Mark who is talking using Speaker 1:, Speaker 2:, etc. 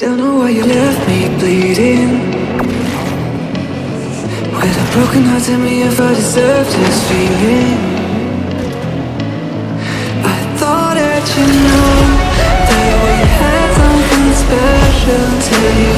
Speaker 1: Don't know why you left me bleeding With a broken heart, tell me if I deserve this feeling I thought that you knew That we had
Speaker 2: something special to you